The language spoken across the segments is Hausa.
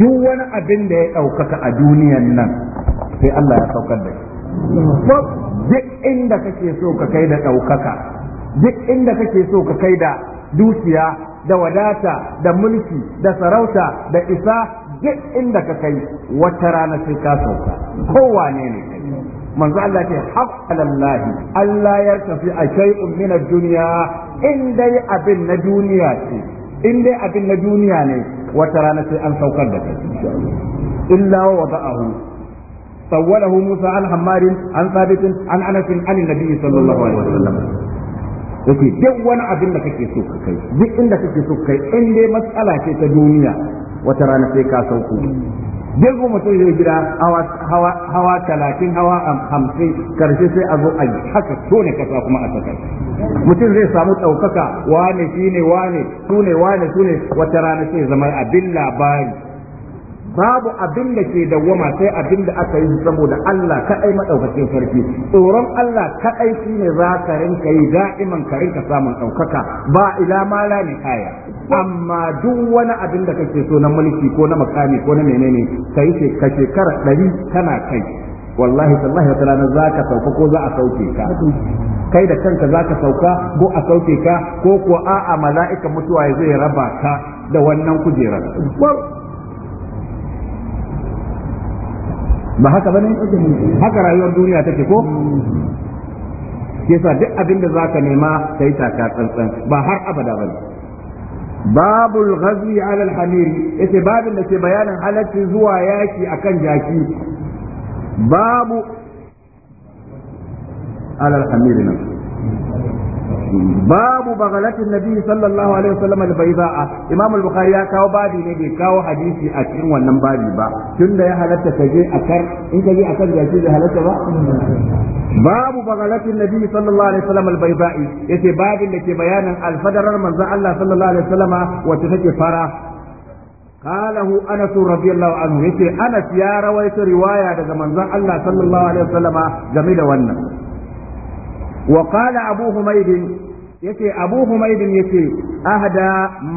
duk wani abin da ya ɗaukaka a duniyan nan sai Allah ya saukar da shi duk inda kake so ka kai da ɗaukaka duk inda kake so ka kai da dukiya da wadata da mulki da sarauta da isa duk inda ka kai wata rana sai ka sauka kowane ne ne manzo Allah ce haqqalallahi Allah ya tafi a shay'un min ad-dunya in dai abin na duniya ce in dai abin na duniya ne wata rana sai an saukar da kai illa wa wada'ahu sawwalahu Musa an Hammarin an sabitin an Anasin an Nabi sallallahu alaihi wasallam yake duk wani abin da kake so ka kai duk inda kake so ka kai in dai matsala ce ta duniya wata rana sai ka sauko jirgin mutum zai gida hawa talatin hawa hamsin karshe sai a zo a haka tone kasa kuma a saka mutum zai samu ɗaukaka wane shi ne wane su ne wane su ne wata rana sai zama abin labari babu abin da ke dawwama sai abin da aka yi saboda Allah kaɗai maɗaukakin sarki tsoron Allah kaɗai shi ne za ka rinka yi da'iman ka rinka samun ɗaukaka ba ila mala ne kaya amma duk wani abin da kake so na mulki ko na makami ko na menene kai ce ka shekara ɗari kana kai wallahi tallahi wa rana za ka sauka ko za a sauke ka kai da kanka za ka sauka ko a sauke ka ko ko a'a mala'ikan mutuwa zai raba ka da wannan kujerar ba haka bane haka rayuwar duniya take ko sa duk abin da zaka nema kai taka tsantsan ba har abada bane babul ghazwi ala al-hamiri yace babin da ke bayanin halaccin zuwa yaki akan jaki babu ala al-hamiri babu bagalatin nabi sallallahu alaihi wasallam al-bayda'a imam al-bukhari ya kawo babi ne bai kawo hadisi a cikin wannan babi ba tunda ya halatta ka a akan in ka je akan jaki da halatta ba babu bagalatin nabi sallallahu alaihi wasallam al-bayda'i yace babin da ke bayanin alfadarar manzon Allah sallallahu alaihi wacce take fara قاله انس رضي الله عنه يتي انس يا رويت روايه daga manzon Allah sallallahu alaihi wasallama game da wannan وقال ابو حميد yace abu humaydin yace ahda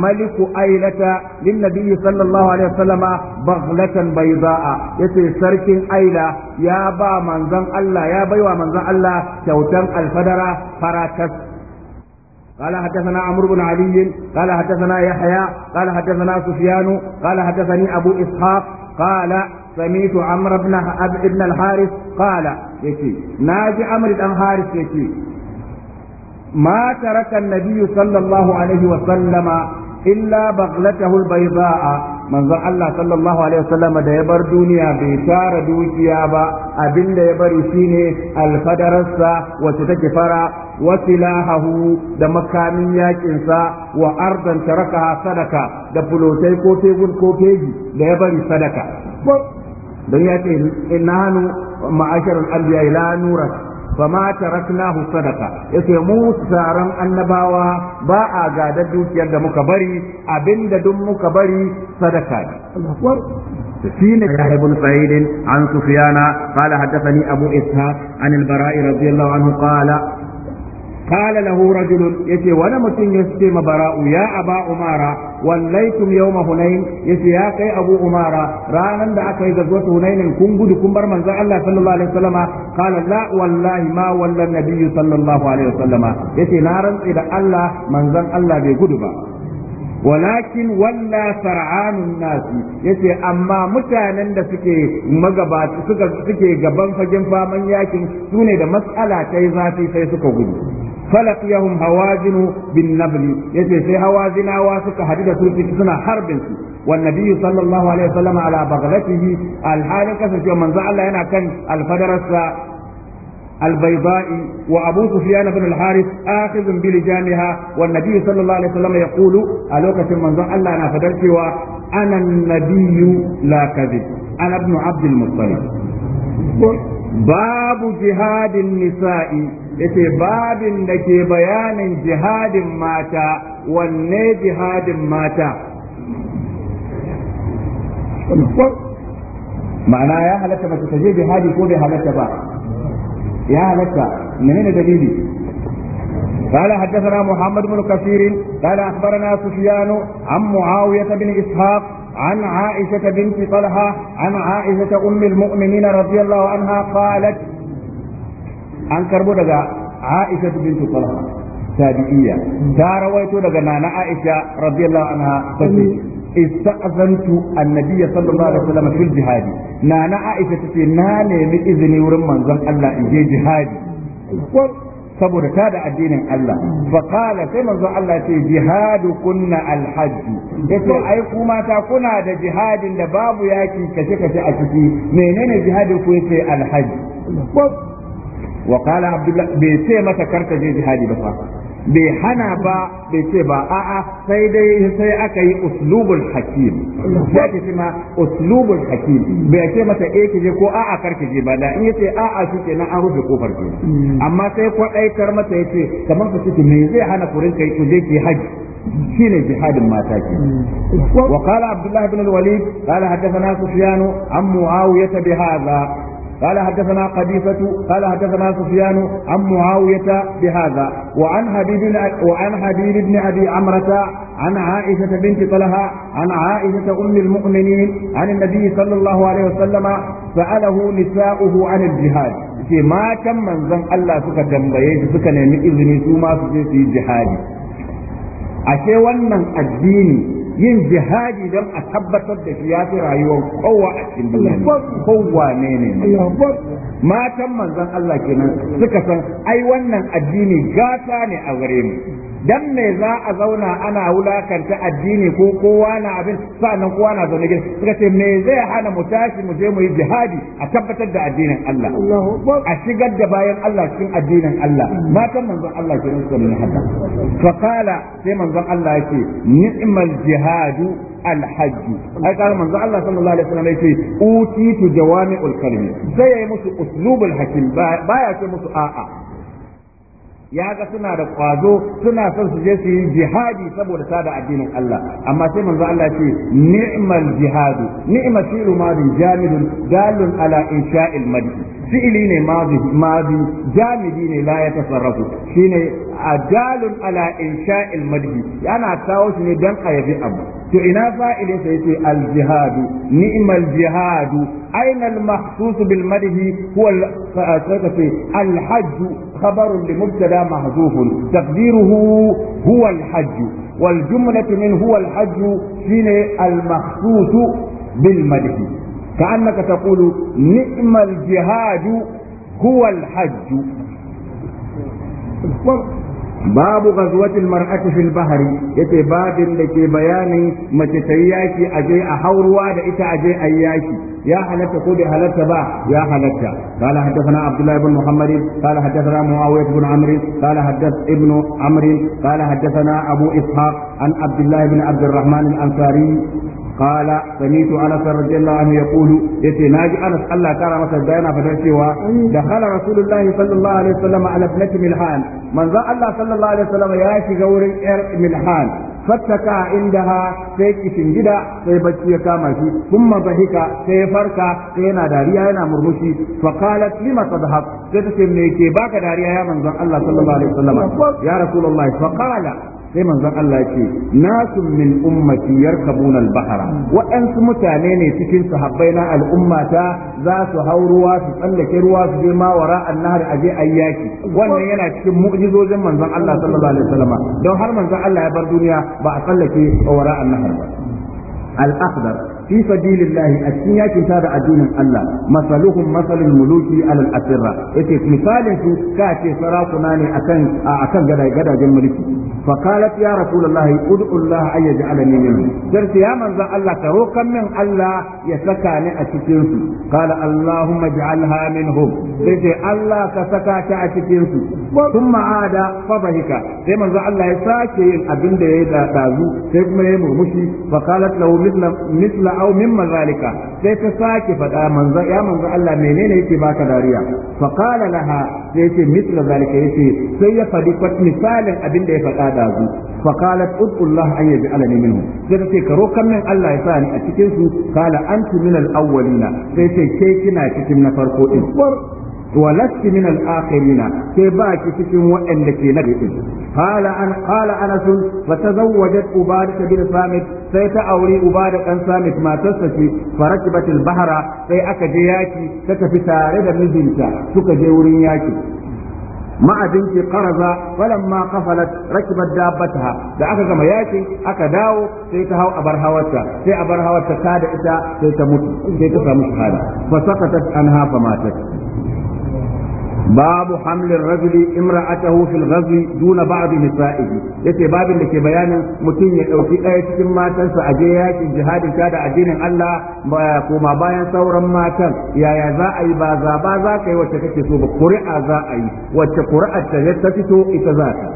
maliku ailata lin nabiyyi sallallahu alaihi wasallama baghlatan bayda'a yace sarkin aila ya ba manzon Allah ya baiwa manzon Allah kyautan alfadara faratas قال حدثنا عمرو بن علي قال حدثنا يحيى قال حدثنا سفيان قال حدثني ابو اسحاق قال سميت عمرو بن ابن الحارث قال يتي ناجي عمرو بن الحارث يتي ما ترك النبي صلى الله عليه وسلم إلا بغلته البيضاء manzon Allah sallallahu alaihi wasallam da ya bar duniya bai tara dukiya ba abin da ya bari shine alfadararsa wacce take fara wa silahahu da makamin yakinsa wa ardan raka sadaka da fulotai ko tegun ko keji da ya bari sadaka don ya ce inanu ma'asharul anbiya la nurat fama taraknahu sadaka yace mu tsaran annabawa ba a gada dukiyar da muka bari abinda duk muka bari sadaka سين يحيى بن سعيد عن سفيان قال حدثني أبو إسحاق عن البراء رضي الله عنه قال قال له رجل يتي وانا متن يسي مبراء يا أبا أمارة وليتم يوم هنين يتي يا كي أبو أمارة رانا دعك إذا زوت هنين كن قد كن برمن الله صلى الله عليه وسلم قال لا والله ما ولا النبي صلى الله عليه وسلم يتي نارا إذا الله من الله بقدبا walakin walla sar'anun nasi yace amma mutanen da suke suka suke gaban fagen faman yakin sune da matsala ta zafi sai suka gudu falaqiyahum hawazinu bin nabl yace sai hawazinawa suka hadu da su suna harbin su والنبي sallallahu alaihi عليه وسلم على بغلته الحال sai manzo Allah yana kan كان البيضاء وأبو سفيان بن الحارث آخذ بلجامها والنبي صلى الله عليه وسلم يقول ألوك من ألا أنا فدرت أنا النبي لا كذب أنا ابن عبد المطلب باب جهاد النساء yace babin da ke bayanin jihadin mata wanne jihadin mata ma'ana ya halatta mace ta je jihadi ko bai halatta ba يا لك منين دليلي قال حدثنا محمد بن كثير قال اخبرنا سفيان عن معاويه بن اسحاق عن عائشه بنت طلحه عن عائشه ام المؤمنين رضي الله عنها قالت عن كربودة عائشه بنت طلحه تابعيه دار رويت لنا عائشه رضي الله عنها تسجيل ista'azantu annabiyya sallallahu alaihi wasallam fil jihadi na na Aisha tace na nemi izini wurin manzon Allah in je jihadi saboda ta da addinin Allah fa qala sai manzon Allah ce jihadi kunna alhajj yace ai ku mata kuna da jihadin da babu yaki kace kace a ciki menene jihadin ku yace alhajj wa bai ce mata ka je jihadi ba fa bai hana ba bai ce ba a'a sai dai sai aka yi uslubul hakim Ya ce ma uslubul hakim bai ce mata eh ki je ko a'a kar ki je ba da in yace a'a shi nan an rufe kofar ke hmm. amma sai kwadaitar mata yace kamar ku ce me zai hana ku rinka ku je ki haji shine jihadin mata وقال عبد الله بن الوليد قال حدثنا سفيان عن sufyan بهذا قال حدثنا قبيصة قال حدثنا سفيان عن معاوية بهذا وعن حبيب وعن حبيب بن أبي عمرة عن عائشة بنت طلحة عن عائشة أم المؤمنين عن النبي صلى الله عليه وسلم سأله نساؤه عن الجهاد ce matan manzon Allah suka tambaye shi suka nemi izini su ma su je su yi jihadi ashe wannan addini yin jihadi don a tabbatar da shi ya fi rayuwar kowa a cikin duniya kowa ne ne matan manzon Allah kenan suka san ai wannan addini gata ne a gare mu dan me za a zauna ana wulakanta addini ko kowa na abin sa'annan kowa na zaune gidan suka ce me zai hana mu tashi mu je mu yi jihadi a tabbatar da addinin Allah a shigar da bayan Allah cikin addinin Allah matan manzon Allah ke nuna mun haka fa qala sai manzon Allah yake ni'mal jihadu الحج اي قال من الله صلى الله عليه وسلم يتي اوتيت جوامع الكلم زي مس اسلوب الحكيم بايا با مسو آآ ya ga suna da kwazo suna son su je su yi jihadi saboda sada addinin Allah amma sai manzo Allah ce ni'mal jihadu ni'ma fi'lu madin jamidun dalun ala insha'il madhi fi'li ne madhi madhi jamidi ne la ya tasarrafu shine adalun ala insha'il madhi yana kawo shi ne dan ayabi abu to ina fa'ilin sa yace al-jihadu ni'mal jihadu aina al-mahsus bil madhi huwa al-sarfi al-hajj خبر لمبتدا محذوف تقديره هو الحج والجملة من هو الحج حين المخصوص بالمدح كأنك تقول نعم الجهاد هو الحج babu ghazwatil mar'ati fil ya yace babin da ke bayanin mace ta yaki aje a hauruwa da ita a je a yaki ya halatta ko bai halatta ba ya halatta qala hadathana abdullah ibn muhammad qala hadathana muawiyah ibn amr qala hadath ibn amr qala hadathana abu ishaq an abdullah ibn abd الرحمن الأنصاري قال سميت انس رضي الله عنه يقول يتي ناجي انس الله تعالى مسا داينا فتشيوا دخل رسول الله صلى الله عليه وسلم على ابنة ملحان من ذا الله صلى الله عليه وسلم ياشي غور ملحان فتكا عندها سيكي شنجدا سيبتشي يكامشي ثم ضحك سيفركا سينا داريا ينا مرمشي فقالت لما تضحك سيتشي منيكي باك داريا يا من ذا الله صلى الله عليه وسلم يا رسول الله فقال sai manzon Allah ce nasu min ummati yarkabuna al-bahra waɗansu mutane ne cikin sahabbai na al'ummata za su hau ruwa su tsallake ruwa su je ma wara annahar aje ayyaki wannan yana cikin mu'jizojin manzon Allah sallallahu alaihi wasallam don har manzon Allah ya bar duniya ba a tsallake wara annahar ba al-akhdar fi a cikin yakin ta da addinin Allah masaluhum masalul muluki alal asirra yace misalin su ka ce sarakuna ne akan kan gadajen mulki fa qalat ya rasulullahi ud'u Allah ay yaj'alani minhu sai ya manzo Allah ka rokan min Allah ya saka ni a cikin su qala Allahumma ij'alha minhum sai Allah ka saka ta a cikinsu. su ma'ada ada fa bahika sai manzo Allah ya sake yin abin da ya dazu sai kuma ya murmushi fa qalat lahu aw mimma sai ta sake faɗa manzo ya manzo Allah menene yake baka dariya fa qala laha yace sai ya faɗi misalin abin da ya faɗa da zu fa qalat udullah an yaj'alani minhu sai Allah ya sa ni a awwalina sai ce cikin na farko ولست من الآخرين كيف باكي تكون لكي قال أن قال أنس فتزوجت أبادة بن صامت سيتأوري أبادة بن صامت ما تستشي فركبت البحر سي أكجياكي تكفي تارد مزنتا تكجيورين ياكي ما بنت قرزة ولما قفلت ركبت دابتها da aka كما yakin aka داو sai ta hau abar hawarta sai abar hawarta ta da ita sai ta mutu sai ta samu babu hamlin rajuli imra'atahu fil ghazwi duna ba'd nisa'ihi yace babin da ke bayanin mutum ya dauki ɗaya cikin matansa a je yakin jihadin ka da addinin Allah ba kuma bayan sauran matan yaya za a yi ba za ba za ka yi wacce kake so ba kuri'a za a yi wacce ƙuri'ar ta ta fito ita za ta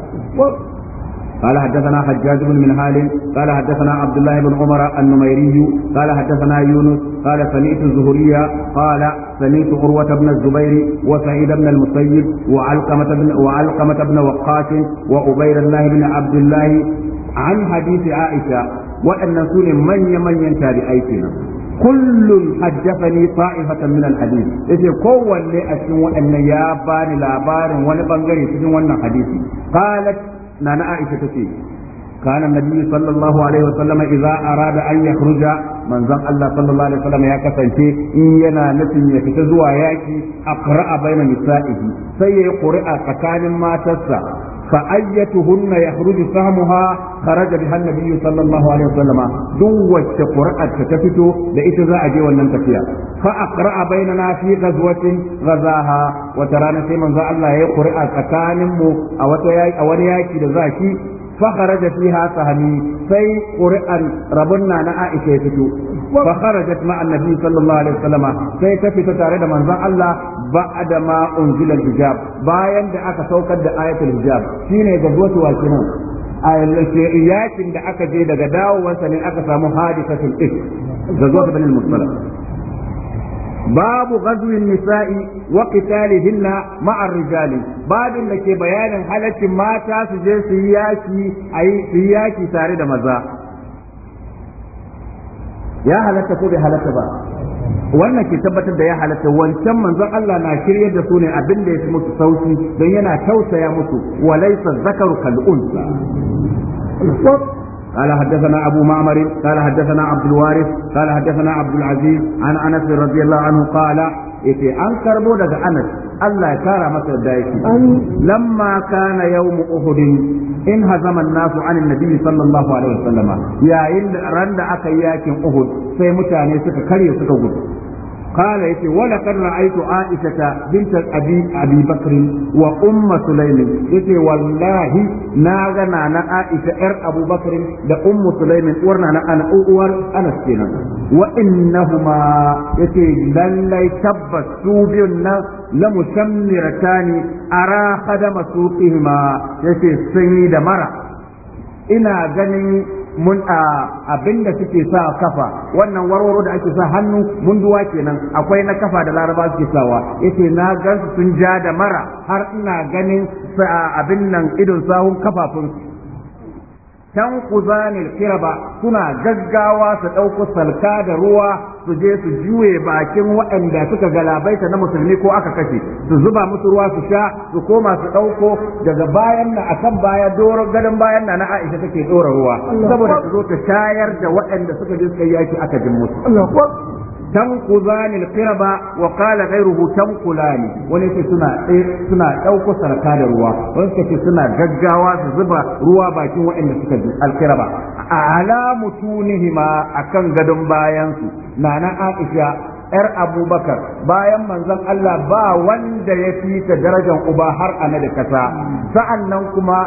قال حدثنا حجاج بن منهال قال حدثنا عبد الله بن عمر النميري قال حدثنا يونس قال سمعت الزهري قال سمعت عروة بن الزبير وسعيد بن المسيب وعلقمة بن وعلقمة بن وقاش وعبيد الله بن عبد الله عن حديث عائشة وأن سن من يمن ينتهي أيتنا كل حدثني طائفة من الحديث يجي قوة لأشن وأن يابان لابار ونبنغري سن وأن حديثي قالت nana Aisha tace kana annabi sallallahu alaihi wasallam idza arada an yakhruja manzon Allah sallallahu alaihi wasallam ya kasance in yana nufin ya fita zuwa yaki aqra'a bainan nisa'ihi sai ya yi ƙuri'a tsakanin matarsa فأيتهن يخرج سهمها خرج بها النبي صلى الله عليه وسلم دوت قرأة تتفتو لإتزاء جي وننتفيا فأقرأ بيننا في غزوة غزاها وترانا في من الله يقرأ تكانم أو ياكي لذاكي فخرج فيها سهمي سي قرأ ربنا نعائشة تتو fa kharajat ma'a annabi sallallahu alaihi wasallam sai ta fita tare da manzon Allah ba'da ma unzila hijab bayan da aka saukar da ayatul hijab shine ga zuwa wa kenan yakin da aka je daga dawowarsa ne aka samu hadisatul ik ga zuwa bin al-musalla باب غزو النساء وقتالهن مع da ke bayanin halaccin mata su je su yi yaki yaki tare da maza ya halatta ko bai halatta ba wannan ke tabbatar da ya halatta wancan manzon Allah na shirye da su ne abin da ya fi musu sauki don yana tausaya musu wa laysa zakaru kal unsa قال حدثنا أبو معمر قال حدثنا عبد الوارث قال حدثنا عبد العزيز عن أنس رضي الله عنه قال yace an karbo daga Anas Allah ya kara masa da yake lamma kana yawm Uhud in hazama an-nasu an nabi sallallahu alaihi wasallama yayin ran randa aka yi yakin Uhud sai mutane suka karye suka gudu قال يتي ولقد رأيت عائشة بنت أبي أبي بكر وأم سليم يتي والله ناغنا أنا عائشة إر أبو بكر ده أم سليم ورنا أنا أنا أور أنا سينا وإنهما يتي لن لا يتبس سوبينا لمسمرتان أرى خدم سوقهما يتي سيد دمرة ina ganin mun abin da suke sa kafa wannan warwaro da ake sa hannu mun duwa kenan akwai na kafa da laraba suke sawa yace na gansu sun ja da mara har ina ganin abin nan idon sahun kafafun kuzanil kiraba suna gaggawa su ɗauko salka da ruwa su je su juye bakin waɗanda suka galabaita na musulmi ko aka kashe su zuba musu ruwa su sha su koma su ɗauko daga bayan na akan baya doron gadon bayan na na Aisha take ɗora ruwa saboda su zo ta shayar da waɗanda suka je suka yaki aka jin musu tanquzani alqiraba wa qala ghayruhu tanqulani wani ce suna eh, suna sarka da ruwa wani ce suna gaggawa su zuba ruwa bakin waɗanda suka bi ji alqiraba ala mutunihima akan gadon bayansu na na Aisha 'yar abubakar bayan manzon Allah ba wanda ya fi ta darajar uba har ana da kasa sa'an nan kuma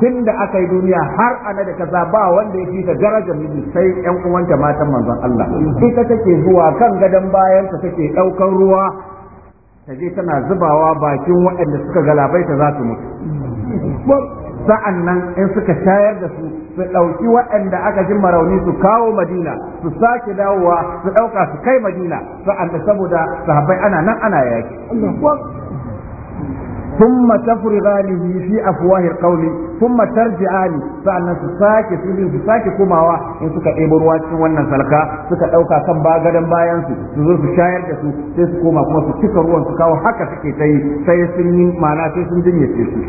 tun da aka yi duniya har ana da kasa ba wanda ya fi ta darajar miji sai 'yan uwanta matan manzon Allah ta take zuwa kan gadon bayan ta take ɗaukar ruwa ta je tana zubawa bakin waɗanda suka galabaita za su mutu sa'an nan in suka shayar da su su ɗauki waɗanda aka ji marauni su kawo madina su sake dawowa su ɗauka su kai madina sa'an da saboda sahabbai ana nan ana yaki thumma tafrigani fi afwahil qawli thumma tarji'ani sa'annan su sake su su sake komawa in suka ɗebo ruwa cikin wannan salka suka ɗauka kan bagadan bayan su su zo su shayar da su sai su koma kuma su cika ruwan su kawo haka suke ta yi sai sun yi ma'ana sai sun jinye su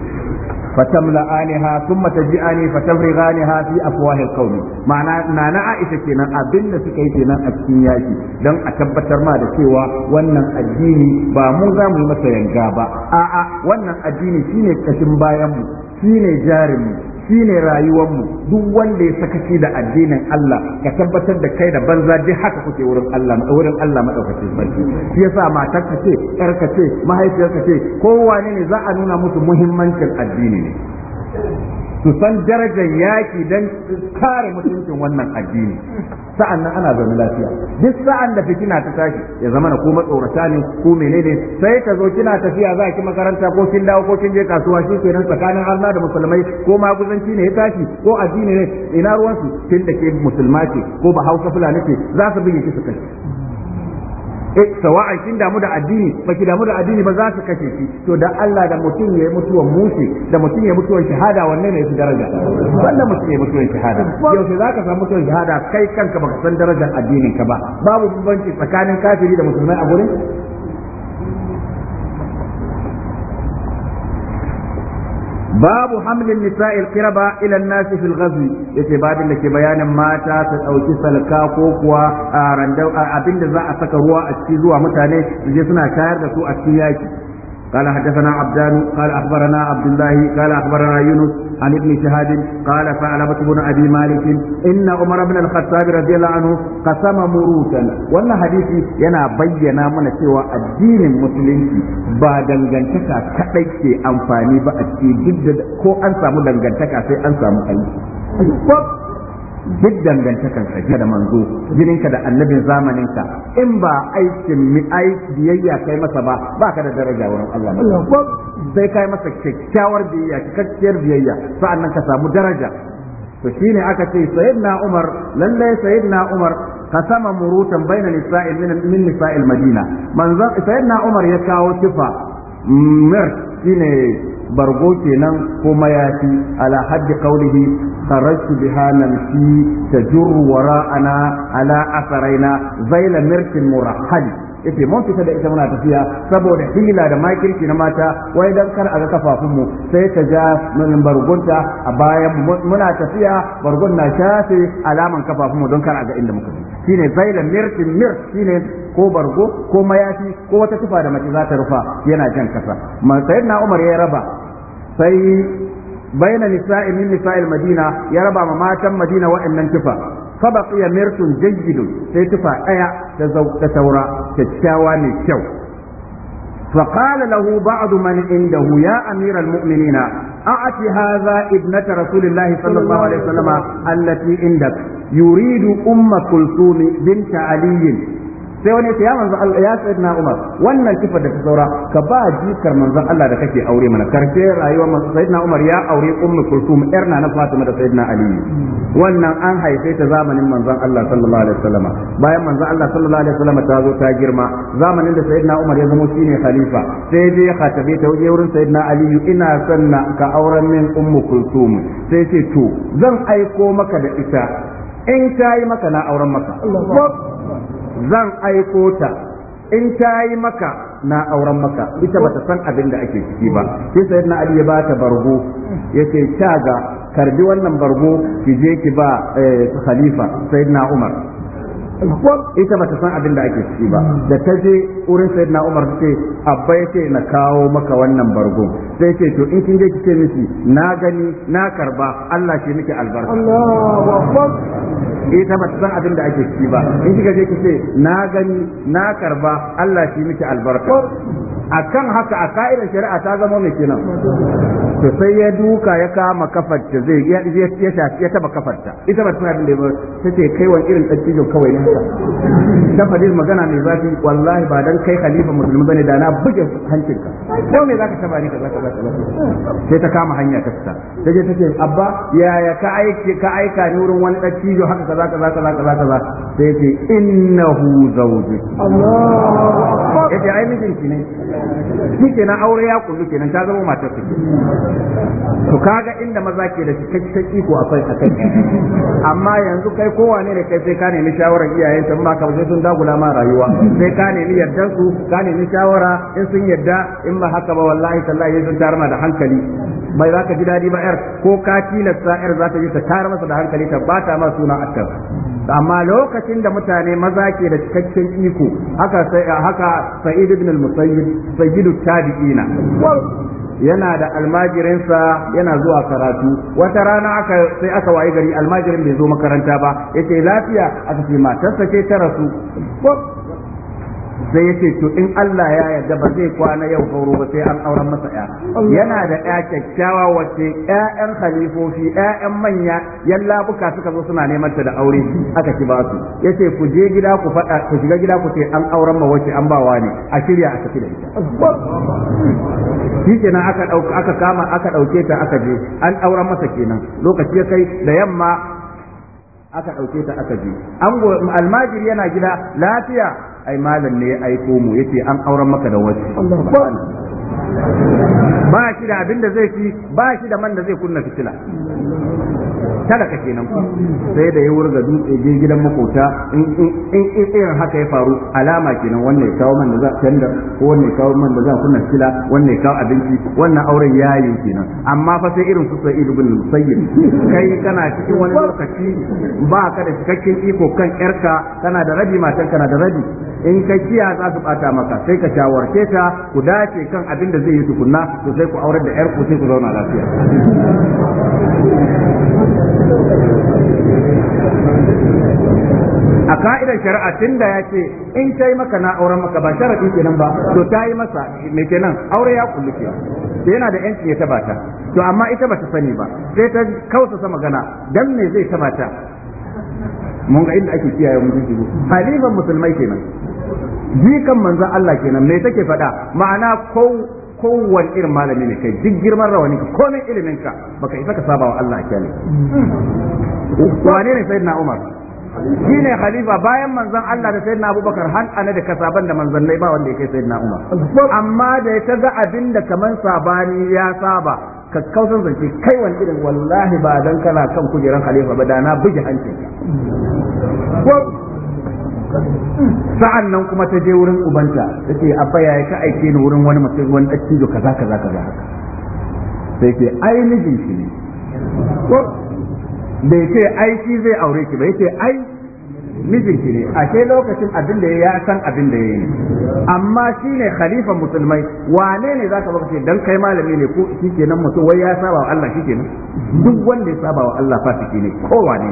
fatamla'aniha thumma taj'ani fatafrighaniha fi afwahil qawmi ma'ana na Aisha kenan abinda suka yi kenan a cikin yaki dan a tabbatar ma da cewa wannan addini ba mu za mu yi masa yanga ba a'a wannan addini shine kashin bayan mu shine jarin mu shine rayuwar mu duk wanda ya sakaci da addinin Allah ka tabbatar da kai da banza dai haka kuke wurin Allah wurin Allah madaukakin sarki shi yasa matar ka ce yar ka ce mahaifiyar ka ce kowa ne za a nuna musu muhimmancin addini ne su san darajar yaki don kare mutuncin wannan addini sa'an nan ana zaune lafiya duk sa'an da fitina ta tashi ya zama na ko tsorata ne ko menene sai ka zo kina tafiya za ki makaranta ko kin dawo ko kin je kasuwa shi kenan tsakanin Allah da musulmai ko maguzanci ne ya tashi ko addini ne ina ruwansu tun da ke musulma ce ko ba hausa fulani ce za su bi ki su kashe sawa'i kin damu da addini ba ki damu da addini ba za ka kashe shi to da Allah da mutum ya wa mushi da mutum ya wa shahada wannan ne yafi daraja wannan mutum ya wa shahada yau sai zaka samu mutuwa shahada kai kanka baka san darajar addinin ka ba babu bambanci tsakanin kafiri da musulmai a gurin babu hamlin nisa'il kiraba ila nasi fil ya ce babin da ke bayanin mata ta dauki salka ko kuwa a abinda za a saka ruwa a ciki zuwa mutane su je suna kayar da su a cikin yaki قال حدثنا عبدان قال اخبرنا عبد الله قال عن ابن شهاد قال ثعلبة بن أبي مالك إن عمر بن الخطاب رضي الله عنه قسم مروتا ولا حديث ينا بينا من سوى الدين المسلم بعد دنگantaka kadai ke amfani ba a ce duk ko an samu dangantaka sai an samu aiki duk dangantakar ka da manzo jininka da annabin zamaninka in ba aikin mi aiki biyayya kai masa ba ba ka da daraja wurin Allah sai kai masa kyakkyawar biyayya cikakkiyar biyayya sa'annan ka samu daraja to shine aka ce sayyidina Umar lallai sayyidina Umar kasama murutan baina nisa'il min nisa'il Madina manzon sayyidina Umar ya kawo kifa mir shine bargo kenan ko mayafi ala haddi qawlihi kharajtu biha namshi tajurru wara'ana ala asaraina zaila mirkin murahhali yace mun fita da ita muna tafiya saboda hila da makirci na mata wai dan kar a ga kafafun mu sai ta ja mun bargunta a bayan muna tafiya bargun na shafe alaman kafafun mu don kar a ga inda muka shine zaila mirtin mir shine ko bargo ko mayafi ko wata tufa da mace za ta rufa yana jan kasa man sayyidina Umar ya raba sai baina nisa'i min nisa'il Madina ya raba ma matan Madina wa'annan tufa fa baqiya mirtun jayyidun sai tufa daya ta saura kyakkyawa ne kyau فقال له بعض من عنده يا أمير المؤمنين أعط هذا ابنة رسول الله صلى الله عليه وسلم التي عندك يريد أم كلثوم بنت علي sai wani ya manzo Allah ya sayyid na Umar wannan kifar da ta saura ka ba jikar manzon Allah da kake aure mana karfe rayuwar manzo sayyid na Umar ya aure ummu kulsum yar na na Fatima da sayyid na Ali wannan an haife ta zamanin manzon Allah sallallahu alaihi wasallam bayan manzon Allah sallallahu alaihi wasallam ta zo ta girma zamanin da sayyid na Umar ya zama shine khalifa sai dai khatabe ta waje wurin sayyid na Ali ina son ka auren min ummu kulsum sai ce to zan aiko maka da ita in ta yi maka na auren maka zan aiko ta in ta yi maka na auren maka ita bata san abin da ake ciki ba sai na ali ya ba ta bargo yace ga karbi wannan bargo ki je ki ba eh, khalifa na umar ita bata san abin da ake ciki ba da ta je wurin na umar ce abba yace na kawo maka wannan bargo sai ce to in kin je ki ce miki na gani na karba Allah shi miki albarka Allahu akbar ta ba san abin da ake ciki ba in kika je ki ce na gani na karba Allah shi miki albarka akan haka a ka'idar shari'a ta zama mai kenan to sai ya duka ya kama kafarta zai ya ya ya taba kafarta ita ba tana da Ta ce kai wani irin dattijo kawai ne haka ta fadil magana mai zafi wallahi ba dan kai khalifa musulmi bane da na buge ka ko me zaka taba ni kaza kaza sai ta kama hanya ta fita ta ce abba yaya ka aike ka aika ni wurin wani dattijo haka kaza kaza kaza kaza kaza sai ce innahu zawji Allah yace ai mijinki ne shi kenan aure ya kullu kenan ta zama matar su to kaga inda maza ke da cikakken iko akwai akai amma yanzu kai kowa ne kai sai ka nemi shawarar iyayen ta ma kawai sun dagula ma rayuwa sai ka nemi yardan su ka nemi shawara in sun yarda in ba haka ba wallahi tallahi sun ma da hankali bai za ka ji daɗi ba yar ko ka tilasta yar za ta yi ta tara masa da hankali ta bata ma suna akar amma lokacin da mutane maza ke da cikakken iko haka haka sa'id ibn al-musayyib sayyidu tabi'ina yana da almajirinsa yana zuwa karatu wata rana aka sai aka waye gari almajirin bai zo makaranta ba yace lafiya aka ce matarsa ce ta rasu sai ya ce to in Allah ya yarda ba zai kwana yau gauro ba sai an auren masa ya yana da ya kyakkyawa wacce ƴaƴan khalifofi ƴaƴan manya yan buka suka zo suna neman ta da aure aka ki ba su yace ku je gida ku faɗa ku shiga gida ku ce an auren ma wacce an ba wani a shirya aka tafi da ita shi aka aka kama aka ɗauke ta aka je an auren masa kenan lokaci ya kai da yamma aka ɗauke ta aka je ango almajiri yana gida lafiya ai malam ne ya aiko mu yace an auren maka da wasu ba shi da abin da zai fi, ba shi da man da zai kunna fitila talaka kenan ku sai da ya wurga dutse je gidan makota in irin haka ya faru alama kenan wannan kawo man da za tender ko wannan kawo man da za kunna kila, wannan kawo abinci wannan auren yayin kenan amma fa sai irin su sa'id ibn musayyib kai kana cikin wani lokaci ba ka da cikakken iko kan yarka kana da rabi matan kana da rabi in ka kiya za su bata maka sai ka shawarce ta ku dace kan abin da zai yi tukunna to sai ku aurar da yarku sai ku zauna lafiya a ka'idar shari'a tun da ya ce in ta yi maka na auren maka ba sharaɗi kenan ba to ta yi masa mai kenan aure ya kullu ke yana da yanci ya tabata. to amma ita ba ta sani ba sai ta kausa sa magana dan me zai tabata. mun ga inda ake kiyaye mun jiji halifan musulmai kenan jikan manzon Allah kenan me take faɗa ma'ana ko kowane irin malami ne kai duk girman rawani ka komai ilimin ka baka isa ka saba wa Allah kyale wane ne sayyidina Umar ne khalifa bayan manzon Allah da sayyidina Abubakar har ana da kasaban da manzannai ba wanda yake sayyidina Umar amma da ya ga abin da kaman sabani ya saba ka kausan zance kai wani irin wallahi ba dan kana kan kujeran khalifa ba da na buge hancin sa'an nan kuma ta je wurin ubanta ta ce abba ya ka aike ni wurin wani mutum wani dattijo kaza kaza kaza haka sai ke ai shi ne bai ce ai shi zai aure ki ba ce ai mijin ki ne ke lokacin abin da ya san abin da ya yi. amma shi ne khalifa musulmai wane ne ka baka ce dan kai malami ne ko shi nan mutum wai ya saba wa Allah shi nan duk wanda ya saba wa Allah fasiki ne ko wane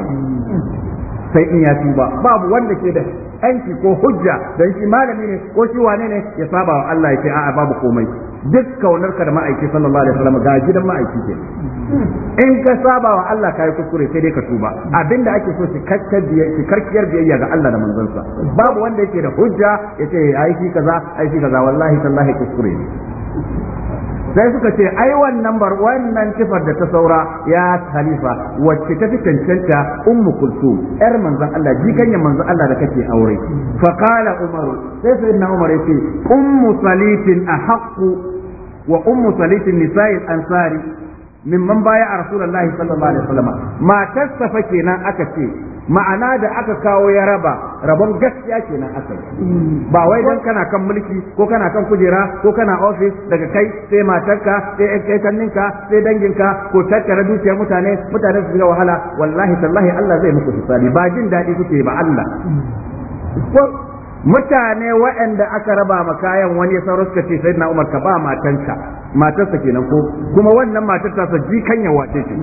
sai in ya tuba babu wanda ke da yanci ko hujja dan shi malami ne ko shi wane ne ya saba wa Allah ya ce a'a babu komai duk kaunar ka da ma'aiki sallallahu alaihi wasallam ga gidan ma'aiki ke in ka saba wa Allah kai kuskure sai dai ka tuba abinda ake so shi karkiyar biyayya ga Allah da manzansa babu wanda yake da hujja yace ai shi kaza ai shi kaza wallahi tallahi kuskure ne sai suka ce ai wannan bar wannan kifar da ta saura ya khalifa wacce ta fi cancanta ummu kulsu. yar manzon Allah jikanya manzon Allah da kake aure fa qala umaru sai sayyidina umar yace ummu salitin ahaqqu wa ummu salitin nisa'il ansari mimman baya a rasulullahi sallallahu alaihi wasallam matar safa kenan aka ce ma'ana da aka kawo ya raba rabon gaskiya kenan aka asali. ba wai dan kana kan mulki ko kana kan kujera ko kana ofis daga kai sai matarka sai kai kanninka sai danginka ko tattara dukiyar mutane mutane su ga wahala wallahi sallahi Allah zai muku hisabi ba jin daɗi kuke ba Allah mutane waɗanda aka raba ma kayan wani ya sauro ce sai na umar ka ba matanka matarsa kenan ko kuma wannan matar ta sa jikan ya wace ce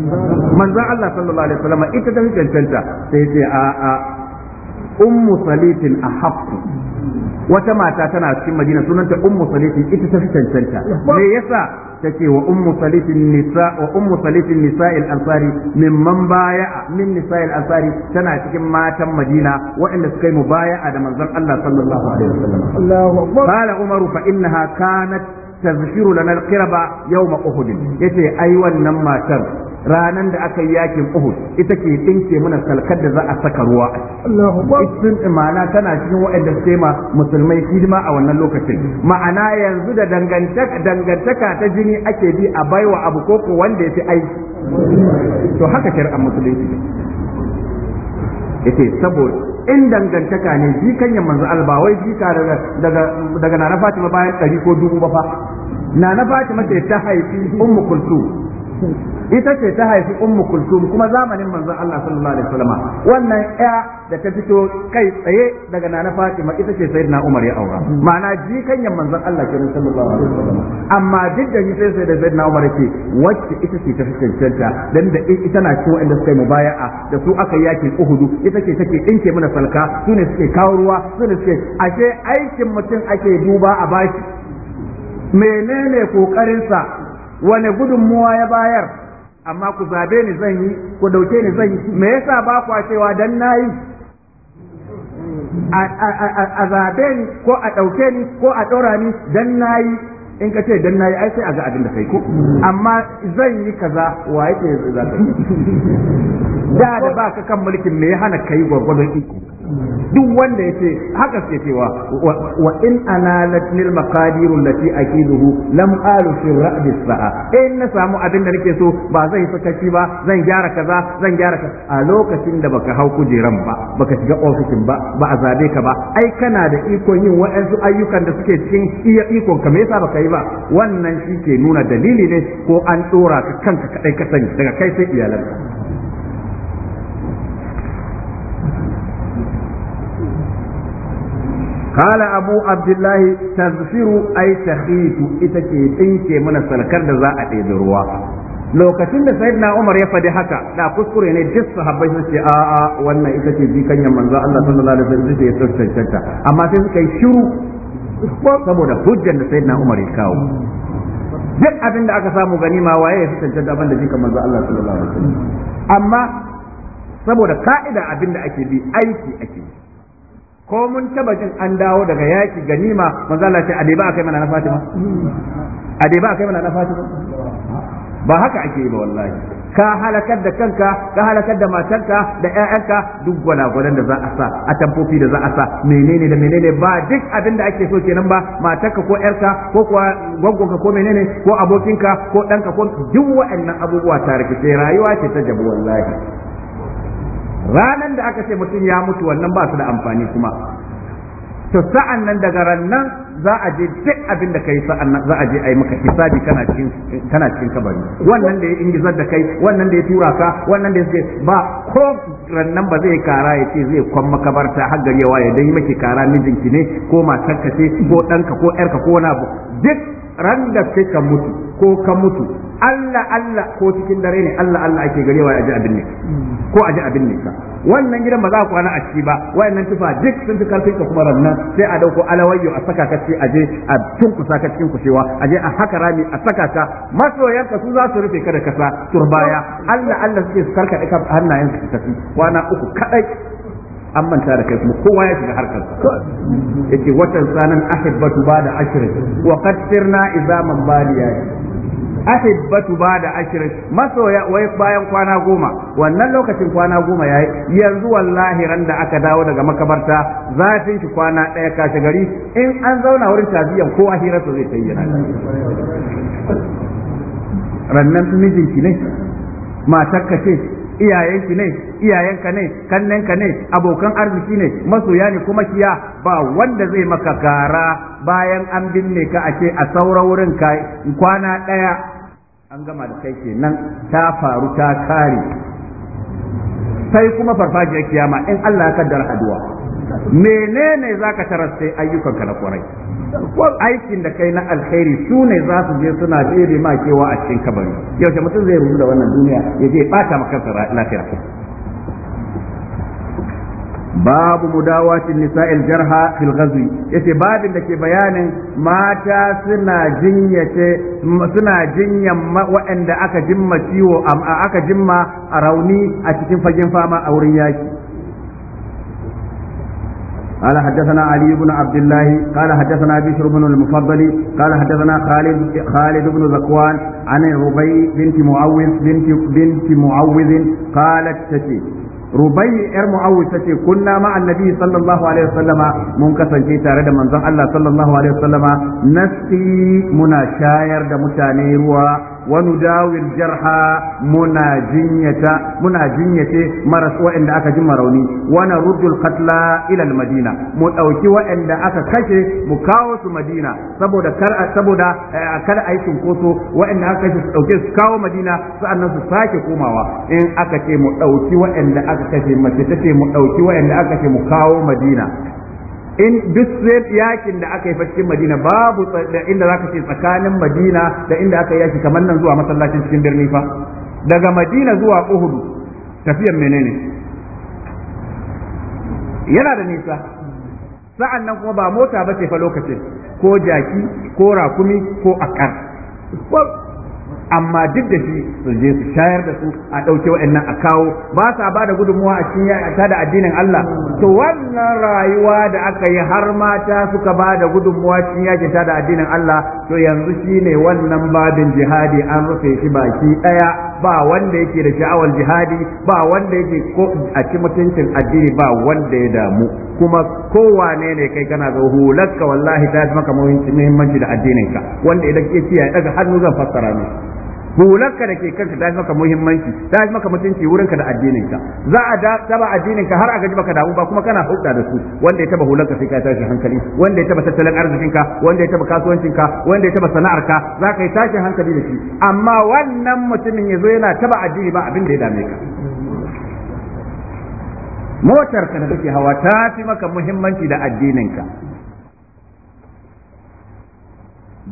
manzon Allah sallallahu alaihi wasallam ita ta cancanta sai ce a a ummu salitin ahaqqu wata mata tana cikin madina sunanta ummu salitin ita ta cancanta me yasa تكي وأم صليت النساء وأم صليت النساء الأنصاري ممن بايع من نساء الأنصاري تنا تكي ما تم مدينة وإن سكي مبايع da منظر الله صلى الله عليه وسلم الله أكبر قال عمر فإنها كانت tazkiru lana al-qiraba yawm uhud yace ai wannan matar ranan da aka yi yakin uhud ita ke dinke mana salkar da za a saka ruwa Allahu akbar imana tana cikin waɗanda suke ma musulmai hidima a wannan lokacin ma'ana yanzu da dangantaka dangantaka ta jini ake bi a baiwa abu koko wanda yafi aiki to haka shari'ar musulunci yace saboda in dangantaka ne jikan yan manzo albawai ba wai jika daga daga nana Fatima bayan ɗari ko dubu ba fa nana Fatima ce ta haifi ummu kulsum ita ce ta haifi ummu kulsum kuma zamanin manzon Allah sallallahu alaihi wasallam wannan ya da ta fito kai tsaye daga nana Fatima ita ce sayyidina Umar ya aura ma'ana jikanyan manzon Allah kenan sallallahu alaihi wasallam amma duk da sai sai da sayyidina Umar yake wacce ita ce ta cancanta dan da ita na cikin wanda suka yi mubaya'a da su aka yaki Uhudu ita ce take dinke mana salka su ne suke kawo ruwa su ne suke ashe aikin mutum ake duba a bashi menene kokarinsa wane gudunmuwa ya bayar amma ku zabe ni zan yi ku dauke ni zan yi me yasa ba ku cewa dan nayi a zabe ni ko a dauke ni ko a daura ni dan nayi in ka ce dan nayi ai sai a ga abin da kai ko amma zan yi kaza wa yake zaka da da ba ka kan mulkin me ya hana kai da iko duk wanda yace haka suke cewa wa in analat lil maqadir allati akiduhu lam qalu fi ra'd saa eh, in na samu abin da nake so ba zai sakaci ba zan gyara kaza zan gyara kaza a lokacin da baka hau kujeran ba baka shiga ofishin ba ba a zabe ka ba ai kana da ikon yin wa'ansu ayyukan da suke cikin iya ikon ka me yasa baka yi ba wannan shi ke nuna dalili ne ko an dora ka kanka kadai ka sani daga kai sai iyalanka قال abu abdullahi الله ay takhitu ita ce tsinke mana salkar da za a ɗebi ruwa lokacin da sayyidina Umar ya faɗi haka da kuskure ne duk sahabbai sun ce a'a wannan ita ce jikanyan الله Allah sallallahu alaihi wasallam ce ya tantance amma sai suka yi shiru saboda hujjar da Umar duk abin da aka samu ganima waye ya tantance abin da jikan manzo Allah sallallahu alaihi wasallam amma saboda ka'ida abinda da ake bi aiki ake ko mun taba jin an dawo daga yaki ganima manzo Allah ce adeba kai mana na Fatima adeba kai mana na Fatima ba haka ake ba wallahi ka halakar da kanka ka halakar da matarka da ƴaƴanka duk gwalagwalan da za a sa a tamfofi da za a sa menene da menene ba duk abin da ake so kenan ba matarka ko ƴarka ko kuwa gwaggonka ko menene ko abokinka ko ɗanka ko duk waɗannan abubuwa ta sai rayuwa ce ta jabu wallahi ranan da aka ce mutum ya mutu wannan ba su da amfani kuma to sa'an nan daga rannan za a je duk abin da kai sa'an nan za a je a yi maka hisabi kana cikin kana cikin kabari wannan da ya ingizar da kai wannan da ya tura ka wannan da ya ba ko rannan ba zai kara ya ce zai kwan makabarta har gari ya dai miki yi maki kara mijinki ne ko ka ce ko ɗanka ko ƴarka ko wani abu duk ran da ka mutu ko ka mutu Allah Allah ko cikin dare ne Allah Allah ake garewa a ji abin ne ko a ji abin ne ka wannan gidan ba za a kwana a ciki ba wayannan tufa duk sun fi karfin ka kuma rannan sai a dauko alawayyo a saka ka ce je a tunkusa ka cikin kushewa je a haka rami a saka ka masoyanka su za su rufe ka da kasa turbaya Allah Allah suke su karka ka hannayen su tafi kwana uku kadai an manta da kai kuma kowa ya shiga harkar yace watan sanan ahibbatu ba da ashirin wa qad sirna izaman baliya ahibbatu bada ashirin masoya wai bayan kwana goma wannan lokacin kwana goma yayi yanzu wallahi ran da aka dawo daga makabarta zafin shi kwana ɗaya kashe gari in an zauna wurin ko kowa hirarsa zai tayyana rannan mijinki ne ka ce iyayenki ne iyayenka ne kannenka ne abokan arziki ne masoya ne kuma kiya ba wanda zai maka gara bayan an binne ka a a saura wurin kwana ɗaya an gama da kai kenan ta faru ta kare sai kuma farfajiyar kiyama in Allah ya kaddara haduwa menene zaka tarar sai ayyukan ka na kwarai ko aikin da kai na alkhairi su ne za su je suna jere ma kewa a cikin kabari yaushe mutum zai rubu da wannan duniya ya je bata maka lafiya باب مداوات النساء الجرحى في الغزو يتي بابن da ke bayanin mata suna jinya ce suna jinya ma aka jimma ciwo a aka jimma a rauni a cikin fagen fama a wurin yaki ala hadathana ali ibn abdullah qala hadathana abi shurb ibn al mufaddal qala hadathana khalid khalid ibn zakwan ana rubay binti muawiz binti binti muawiz qalat tati rubai yar ta ce kunna ma annabi sallallahu alaihi wasallama mun kasance tare da manzon Allah sallallahu alaihi wasallama nasi muna shayar da mutane ruwa ونداوي الجرحى مناجية مناجية مرس وإن أكا جم روني ونرد القتلى إلى المدينة متأوكي وإن أكا كشي مكاوس مدينة سبودا كر سبودا كر أي سنكوسو وإن أكا أوكي سكاو مدينة سأنا ساكي كوماوا إن أكا كي متأوكي وإن أكا كشي متتكي متأوكي وإن أكا كي مكاو مدينة in duk yakin da aka yi fa cikin Madina babu da inda zaka ce tsakanin Madina da inda aka yaki kamar nan zuwa masallacin cikin birni fa daga Madina zuwa Uhud tafiyan menene yana da nisa sa'an nan kuma ba mota ba ce fa lokacin ko jaki ko rakumi ko akar amma duk da shi su je su shayar da su a ɗauke waɗannan a kawo ba sa ba da gudunmuwa a cikin ta da addinin Allah to wannan rayuwa da aka yi har mata suka ba da gudunmuwa cikin yakin ta da addinin Allah to yanzu shine wannan babin jihadi an rufe shi baki ɗaya ba wanda yake da sha'awar jihadi ba wanda yake ko a ci mutuncin addini ba wanda ya damu kuma kowane ne kai kana zo hulakka wallahi ta maka muhimmanci da addininka wanda idan ke ya ɗaga hannu zan fassara ne hularka da ke kanka ta fi maka muhimmanci ta fi maka mutunci wurinka da addininka za a taba addininka har a gaji maka damu ba kuma kana hulɗa da su wanda ya taba hularka sai ka tashi hankali wanda ya taba tattalin arzikinka wanda ya taba kasuwancinka wanda ya taba sana'arka za ka yi tashin hankali da shi amma wannan mutumin ya zo yana taba addini ba abin da ya dame ka motarka da take hawa ta fi maka muhimmanci da addininka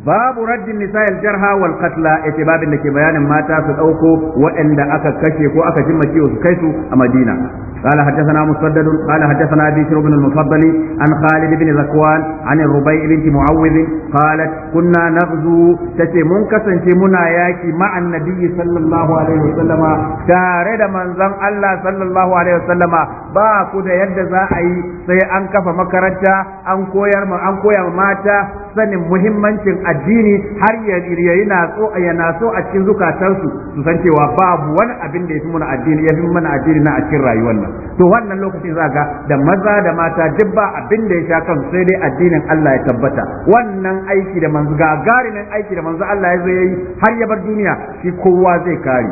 babu raddin nisa'il jarha wal qatla yace babin da ke bayanin mata su dauko waɗanda aka kashe ko aka jimma ciwo su kai su a Madina قال حدثنا مسدد قال حدثنا بشر بن المفضل عن خالد بن ذكوان عن الربيع بنت معوذ قالت كنا نغزو تشي منكسن منا ياكي مع النبي صلى الله عليه وسلم تارد من زن الله صلى الله عليه وسلم با كده يد زائي سي أنكف مكرجة أنكوير أنكوير ماتا sanin muhimmancin addini har ya so a yana so a cikin zukatansu su san cewa babu wani abin da ya fi mana addini ya mana addini na a cikin rayuwar nan to wannan lokacin za ga da maza da mata duk ba abin da ya sha kan sai dai addinin Allah ya tabbata wannan aiki da manzo gagarinin aiki da manzo Allah ya zo yayi har ya bar duniya shi kowa zai kare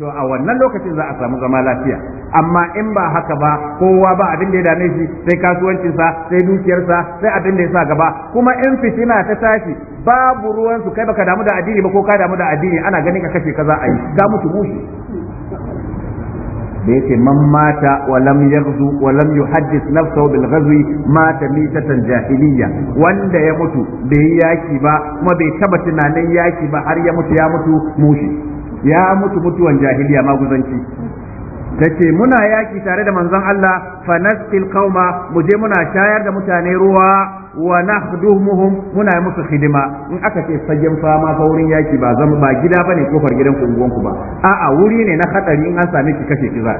to a wannan lokacin za a samu zama lafiya amma in ba haka ba kowa ba abin da ya dame shi sai kasuwancinsa sai dukiyarsa sai abin da ya sa gaba kuma in fitina ta tashi babu ruwan su kai baka damu da addini ba ko ka damu da addini ana ganin ka kashe kaza a yi ga mutu mushi da yake man mata wa lam yaghzu wa lam yuhaddith nafsahu bil ghazwi mata mitatan jahiliyya wanda ya mutu bai yaki ba kuma bai taba tunanin yaki ba har ya mutu ya mutu mushi ya mutu mutuwan jahiliya maguzanci ce muna yaki tare da manzon Allah fa nasqil qauma mu je muna shayar da mutane ruwa wa nahduhum muna musu hidima in aka ce fagen fama ga wurin yaki ba zama ba gida bane kofar gidan ku ba a'a wuri ne na hatsari in an same ki kashe ki za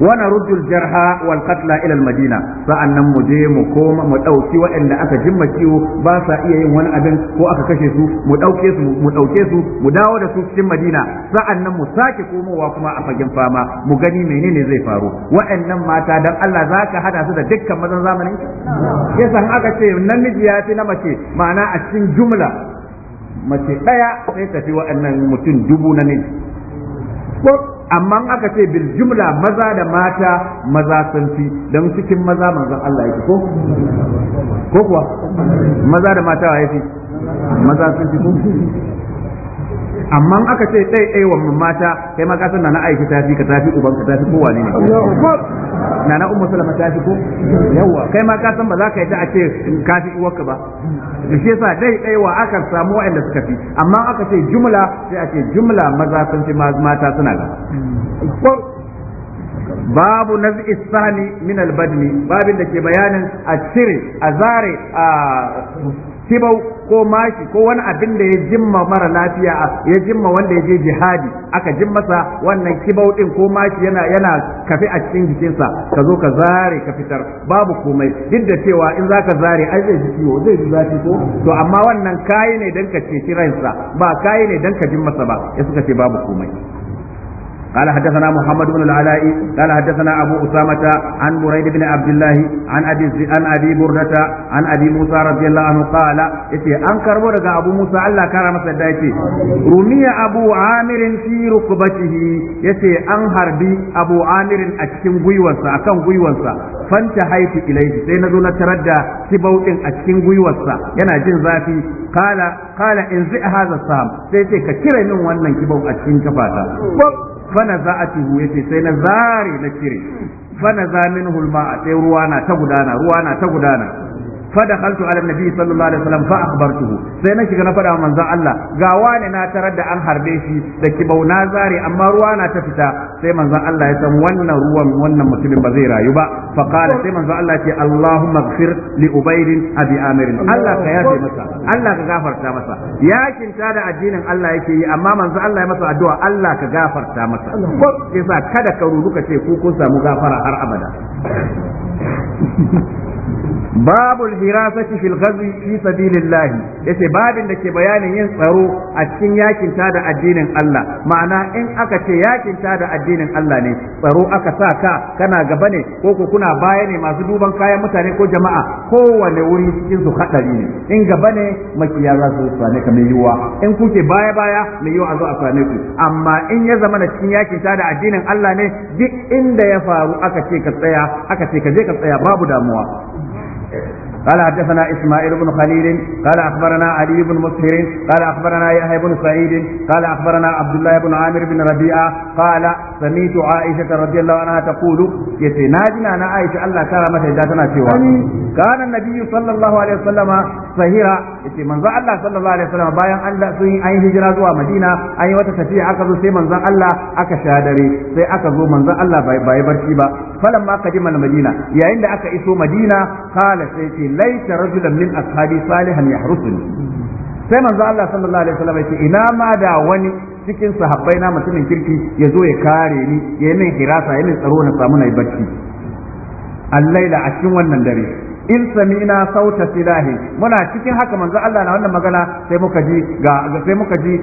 wal الجرحى والقتلى الى madina sa'annan mu je mu koma mu dauki waɗanda aka jimma kiwo ba sa iya yin wani abin ko aka kashe su mu dauke su mu dauke su mu dawo da su cikin Madina sa'annan mu sake wa kuma a fagen fama mu gani menene zai faru waɗannan mata dan Allah zaka hada su da dukkan mazan zamanin yasa aka ce namiji ya fi na mace ma'ana a cikin jumla mace daya sai tafi waɗannan mutum dubu na ne amma aka ce bil jumla maza da mata maza sun fi don cikin maza manzon Allah yake ko ko kuwa maza da mata waye fi maza sun fi ko amma aka ce ɗai ɗai wa mata kai ma ka san nana aiki tafi ka tafi uban ka tafi kowa ne ne nana ummu salama tafi ko yawa kai ma ka san ba za ka yi ta a ce ka fi uwarka ba shi yasa dai dai wa aka samu wa'anda suka fi amma aka ce jumla sai a ce jumla maza sun fi mata suna ga babu naz'i isani min albadni babin da ke bayanin a cire a zare a kibau ko mashi ko wani abin da ya jimma mara lafiya ya jimma wanda ya je jihadi aka jimmasa wannan kibau din ko mashi yana yana kafi a cikin jikinsa ka zo ka zare ka fitar babu komai duk da cewa in zaka zare ai zai ji ciwo zai ji zafi ko to amma wannan kai ne dan ka ceci ransa ba kai ne dan ka jimmasa ba ya suka ce babu komai قال حدثنا محمد بن العلاء قال حدثنا أبو أسامة عن بريد بن عبد الله عن أبي عن أبي بردة عن أبي موسى رضي الله عنه قال إتي أنكر ورد أبو موسى الله كرم سدايتي رمي أبو عامر في ركبته يتي أنهر بي أبو عامر أكتم غيوانسا أكم غيوانسا fanta haifi ilaihi sai na zo na tarar da kibautin a cikin gwiwarsa yana jin zafi kala kala in zai haza sam sai ce ka cire min wannan kibau fana za'atihu yace sai na zare na cire fana za hulma, a sai ruwa na ta gudana ruwa na ta gudana فدخلت على النبي صلى الله عليه وسلم فأخبرته sai na shiga na faɗa wa manzon Allah gawa ne na tarar da an harbe shi da kibau na zare amma ruwa na ta fita sai manzon Allah ya san wannan ruwan wannan mutumin ba zai rayu ba fa sai manzon Allah ce Allahumma ighfir li Ubayd abi Amir Allah ka yafe masa Allah ka gafarta masa yakin ta da addinin Allah yake yi amma manzon Allah ya masa addu'a Allah ka gafarta masa ko kada ka rudu ce ko kun samu gafara har abada babul hirasati fil ghazwi fi sabilillah yace babin da ke bayanin yin tsaro a cikin yakin da addinin Allah ma'ana in aka ce yakin da addinin Allah ne tsaro aka sa ka kana gaba ne ko ko kuna baya ne masu duban kayan mutane ko jama'a kowane wuri cikin su hadari ne in gaba ne makiya za su sane ka mai yiwa in kuke baya baya mai yiwa a zo a sane ku amma in ya zama na cikin yakin da addinin Allah ne duk inda ya faru aka ce ka tsaya aka ce ka je ka tsaya babu damuwa قال حدثنا اسماعيل بن خليل قال اخبرنا علي بن مسهر قال اخبرنا يحيى بن سعيد قال اخبرنا عبد الله بن عامر بن ربيعه قال سميت عائشه رضي الله عنها تقول يتناجنا انا عائشه الله كرمتها جاتنا سوى كان النبي صلى الله عليه وسلم sahira yace manzon Allah sallallahu alaihi wasallam bayan Allah sun yi an hijira zuwa Madina an yi wata tafiya aka zo sai manzon Allah aka sha dare sai aka zo manzon Allah bai bai barci ba falamma kadima Madina yayin da aka iso Madina kala sai ce laita rajulan min ashabi salihan yahrusuni sai manzon Allah sallallahu alaihi wasallam yace ina ma da wani cikin sahabbai na mutumin kirki ya zo ya kare ni ya yi min hirasa ya min tsaro na samu na yi barci allaila a cikin wannan dare in samina sauta silahi muna cikin haka manzo Allah na wannan magana sai muka ji ga sai muka ji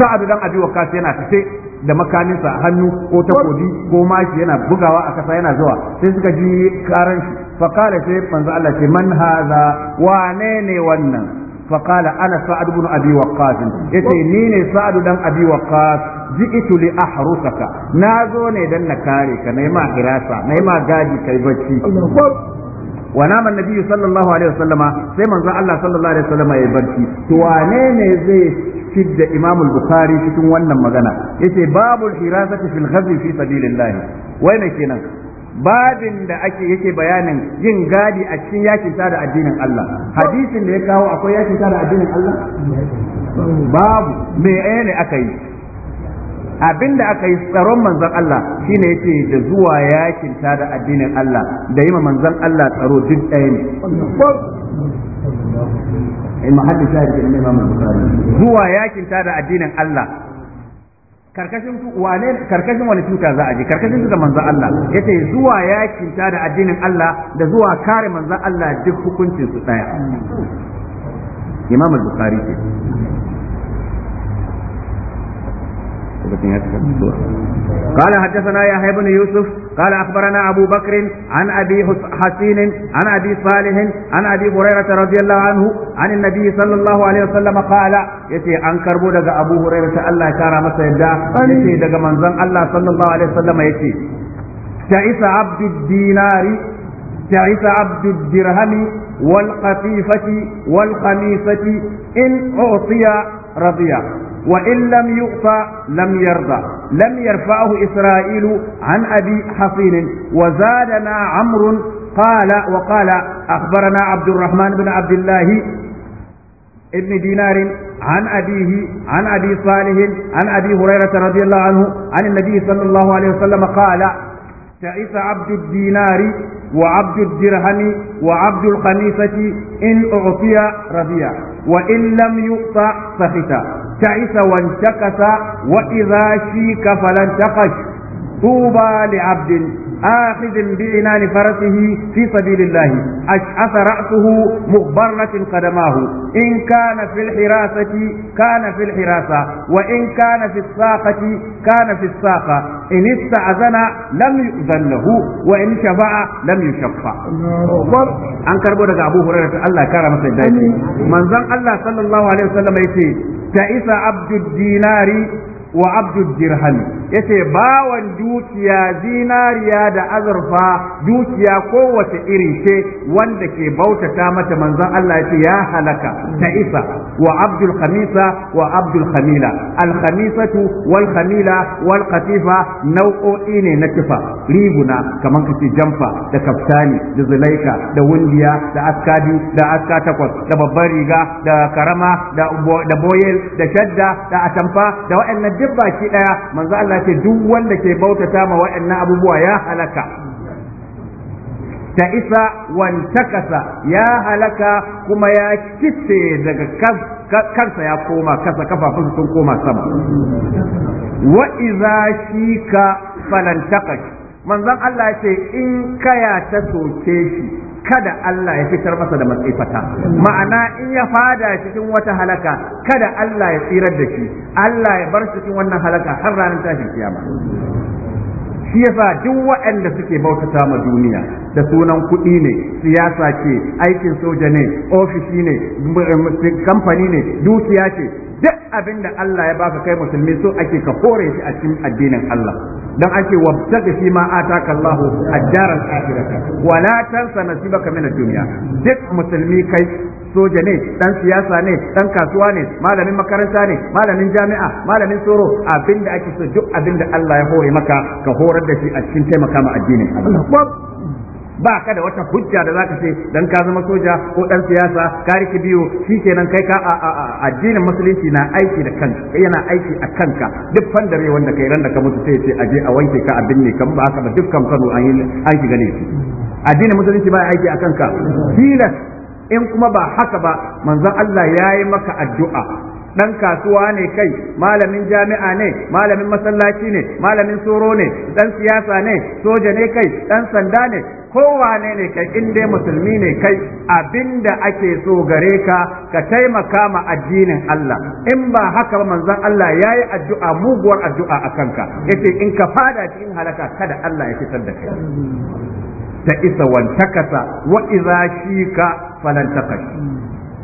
sa'ad dan abi waqas yana tafe da makaminsa a hannu ko takobi ko mashi yana bugawa a kasa yana zuwa sai suka ji karan shi fa qala sai manzo Allah ce man hadha wane ne wannan fa qala ana sa'ad ibn abi waqas yace ni ne sa'ad dan abi waqas ji'itu li ahrusaka na zo ne dan na kare ka nema hirasa nayi ma gadi kai bacci wa nama nabi sallallahu alaihi wasallama sai manzon Allah sallallahu alaihi wasallama ya barci to wane ne zai cidda Imam bukhari cikin wannan magana ce babul hira fil ghazwi fi sabilillah wai ne kenan babin da ake yake bayanin yin gadi a cikin yakin da addinin Allah hadisin da ya kawo akwai yakin da addinin Allah babu me eh, aka yi abinda aka yi tsaron manzon Allah shine yake da zuwa yakin ta da addinin Allah da yi manzon Allah tsaro duk ɗaya ne zuwa yakin ta da addinin Allah karkashin wane karkashin wani tuta za a je karkashin da manzon Allah yace zuwa yakin ta da addinin Allah da zuwa kare manzon Allah duk hukuncin su daya Imam Bukhari ce قال حدثنا يحيى بن يوسف قال اخبرنا ابو بكر عن ابي حسين عن ابي صالح عن ابي هريره رضي الله عنه عن النبي صلى الله عليه وسلم قال yace an karbo daga Abu Hurairah ta Allah ya kara masa yadda yace daga manzon Allah sallallahu alaihi wasallam yace ta'isa abdud dinari ta'isa abdud dirhami wal qatifati wal khamisati in u'tiya radiya وإن لم يؤتى لم يرضى لم يرفعه إسرائيل عن أبي حصين وزادنا عمرو قال وقال أخبرنا عبد الرحمن بن عبد الله ابن دينار عن أبيه عن أبي صالح عن أبي هريرة رضي الله عنه عن النبي صلى الله عليه وسلم قال تعيس عبد الدينار وعبد الدرهم وعبد الخميسة إن أعطي رضيع وإن لم يؤطى سخط ta'isa wantakasa wa idza shika falan taqash طوبى لعبد آخذ بعنان فرسه في سبيل الله أشعث رأسه مغبرة قدماه إن كان في الحراسة كان في الحراسة وإن كان في الساقة كان في الساقة إن استأذن لم يؤذن له وإن شفع لم يشفع أن كربو أبو هريرة الله كرم سيدنا من زن الله صلى الله عليه وسلم يتي تعس عبد الدينار وعبد الدرهم yace bawan dukiya zinariya da azurfa dukiya kowace iri ce wanda ke bautata mata manzon Allah yace ya halaka ta isa wa abdul khamisa wa abdul khamila al khamisatu wal khamila wal qatifa nau'o'i ne na kifa riguna kaman kace jamfa da kaftani da zulaika da wundiya da aska biyu da aska takwas da babbar riga da karama da boyel da shadda da atamfa da waɗannan duk baki daya manzo Allah ce duk wanda ke bautata ma wa'annan abubuwa ya halaka ta isa wantakasa ya halaka kuma ya kitse daga kansa ya koma kasa kafafun sun koma sama wa iza shika falantakashi manzon Allah ya ce in kaya ta soke shi kada Allah ya fitar masa da matsifata ma'ana in ya fada cikin wata halaka kada Allah ya tsirar da shi Allah ya bar cikin wannan halaka har ranar tashin kiyama shi yasa duk waɗanda suke bautata ma duniya da sunan kuɗi ne siyasa ce aikin soja ne ofishi ne kamfani ne dukiya ce duk abin da Allah ya baka kai musulmi so ake ka kore shi a cikin addinin Allah dan ake wabtaga shi ma ataka Allahu ajara al-akhirah wa la tansa nasibaka min ad-dunya duk musulmi kai soja ne dan siyasa ne dan kasuwa ne malamin makaranta ne malamin jami'a malamin tsoro abinda ake so duk abin da Allah ya hore maka ka horar da shi a cikin taimaka ma addinin Allah ba ka da wata hujja da zaka ce dan ka zama soja ko dan siyasa ka riki biyo shikenan kai ka addinin musulunci na aiki da kanka yana aiki a kanka duk fandare wanda kai ran da ka mutu sai ce aje a wanke ka abin ne kan ba haka ba dukkan kano an yi an gane shi addinin musulunci ba aiki a kanka tilas in kuma ba haka ba manzon Allah ya yi maka addu'a dan kasuwa ne kai malamin jami'a ne malamin masallaci ne malamin tsoro ne dan siyasa ne soja ne kai dan sanda ne kowane ne kai in dai musulmi ne kai abinda ake so gare ka ka taimaka ma addinin Allah in ba haka ba manzon Allah yayi addu'a muguwar addu'a akan ka yace in ka fada cikin halaka kada Allah ya fitar da kai ta isa wantakasa wa idza shika falan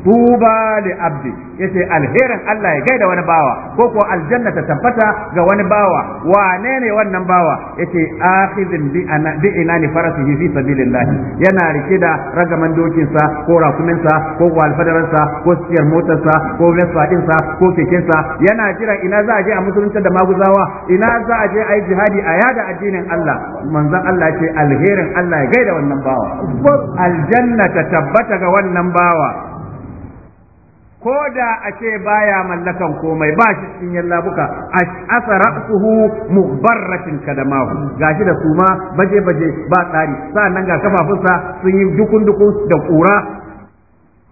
tuba li abdi yace alherin Allah ya gaida wani bawa ko ko aljanna ta tabbata ga wani bawa wane ne wannan bawa yace akhidhin bi ana bi inani farasihi fi sabilillah yana rike da ragaman dokin sa ko rakumin sa ko walfadaran sa ko siyar motar sa ko vespa din sa ko keken sa yana jira ina za a je a musulunta da maguzawa ina za a je a yi jihadi a yada addinin Allah manzon Allah ce alherin Allah ya gaida wannan bawa aljanna ta tabbata ga wannan bawa ko da a ce baya mallakan komai ba shi cikin yallabuka asa ra'suhu mubarratin kadamahu gashi da suma baje baje ba tsari nan ga kafafunsa sun yi dukun dukun da kura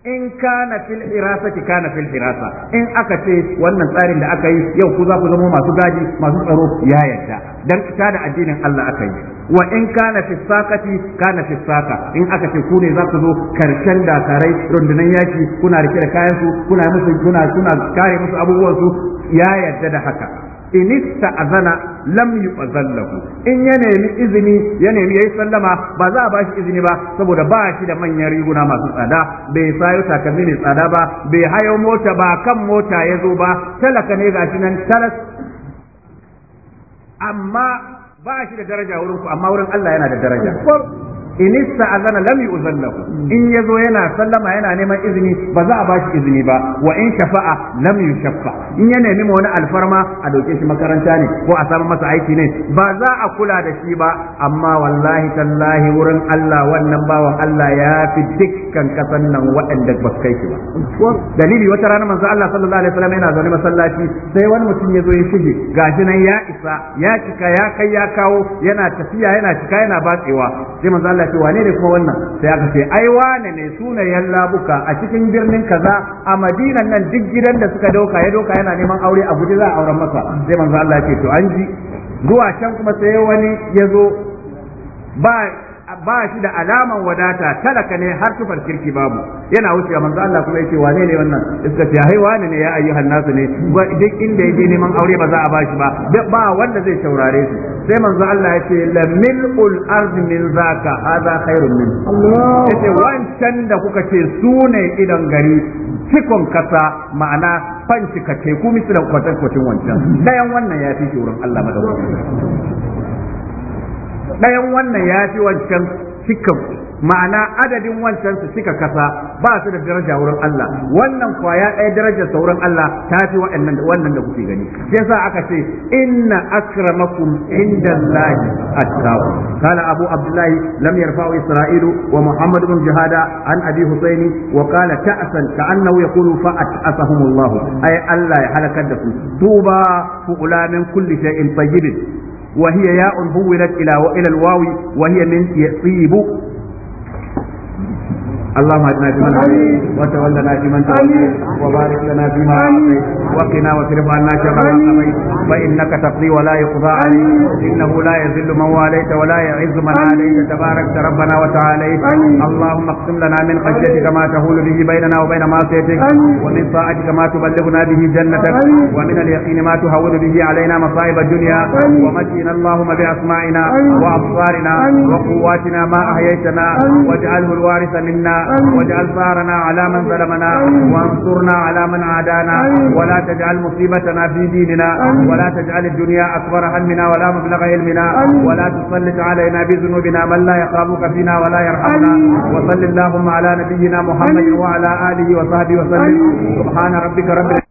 in kana fil irasati kana fil irasa in aka ce wannan tsarin da aka yi yau ku za ku zama masu gaji masu tsaro ya yarda dan ka da addinin Allah aka yi wa in kana fi sakati kana fi saka in aka ce ku ne za ku zo karshen dakarai rundunan yaki kuna rike da kayan su kuna musu kuna kuna kare musu abubuwan su ya yarda da haka in azana lam yu'zallahu in ya nemi izini ya nemi yayi sallama ba za a bashi izini ba saboda ba shi da manyan riguna masu tsada bai sayo takalmi ne tsada ba bai hayo mota ba kan mota ya zo ba talaka ne gashi nan talas amma ba shi da daraja wurin ku amma wurin Allah yana da daraja in azana lam yu'zan lahu in yazo yana sallama yana neman izini ba za a bashi izini ba wa in shafa'a lam yushaffa in ya nemi wani alfarma a dauke shi makaranta ne ko a samu masa aiki ne ba za a kula da shi ba amma wallahi tallahi wurin Allah wannan bawan Allah ya fi dukkan kasan nan waɗanda ba su kai shi ba dalili wata rana manzo Allah sallallahu alaihi wasallam yana zaune masallaci sai wani mutum ya zo ya shige gashi nan ya isa ya cika ya kai ya kawo yana tafiya yana cika yana batsewa sai manzo Allah aka ce wane ne kuma wannan sai aka ce ai wane ne sunayen labuka a cikin birnin kaza a madinan nan duk gidan da suka doka ya doka yana neman aure a guje za a auren masa sai manzo Allah ya ce to an ji zuwa can kuma sai wani ya zo ba ba shi da alaman wadata talaka ne har tufar kirki babu yana wucewa manzo Allah kuma yace wane ne wannan iska ce hai wane ne ya ayyuhan nasu ne duk inda yake neman aure ba za a bashi ba ba wanda zai taurare su sai manzo Allah yace la mil'ul ardi min zaka hada khairun min yace wancan da kuka ce sune idan gari cikon kasa ma'ana fanci ku teku kwatan kwatin wancan dayan wannan ya fi wurin Allah madaukakin ɗayan wannan ya fi wancan cikan ma'ana adadin wancan su cika kasa ba su da daraja wurin Allah wannan kwaya ɗaya darajar sauran wurin Allah ta fi wannan da kuke gani sai sa aka ce inna akramakum indallahi attaqu Kala abu abdullah lam yarfa'u isra'ilu wa muhammad ibn jihada an abi husaini wa qala ta'san ka'annahu yaqulu fa at'asahum Allah ay Allah ya halakar da su duba fu'ula min kulli shay'in tayyib وهي ياء هولت إلى إلى الواو وهي من يصيب اللهم اجعلنا في من هديت وتولنا في من توليت وبارك لنا فيما اعطيت وقنا واصرف عنا شر ما قضيت فانك تقضي ولا يقضى عليك انه لا يذل من واليت ولا يعز من عليك تبارك ربنا وتعاليت اللهم اقسم لنا من خشيتك ما تهول به بيننا وبين معصيتك ومن طاعتك ما تبلغنا به جنتك ومن اليقين ما تهون به علينا مصائب الدنيا ومتنا اللهم باسماعنا وابصارنا وقواتنا ما احييتنا واجعله الوارث منا واجعل ثارنا على من ظلمنا وانصرنا على من عادانا ولا تجعل مصيبتنا في ديننا ولا تجعل الدنيا أكبر همنا ولا مبلغ علمنا ولا تسلط علينا بذنوبنا من لا يخافك فينا ولا يرحمنا وصل اللهم على نبينا محمد وعلى آله وصحبه وسلم سبحان ربك رب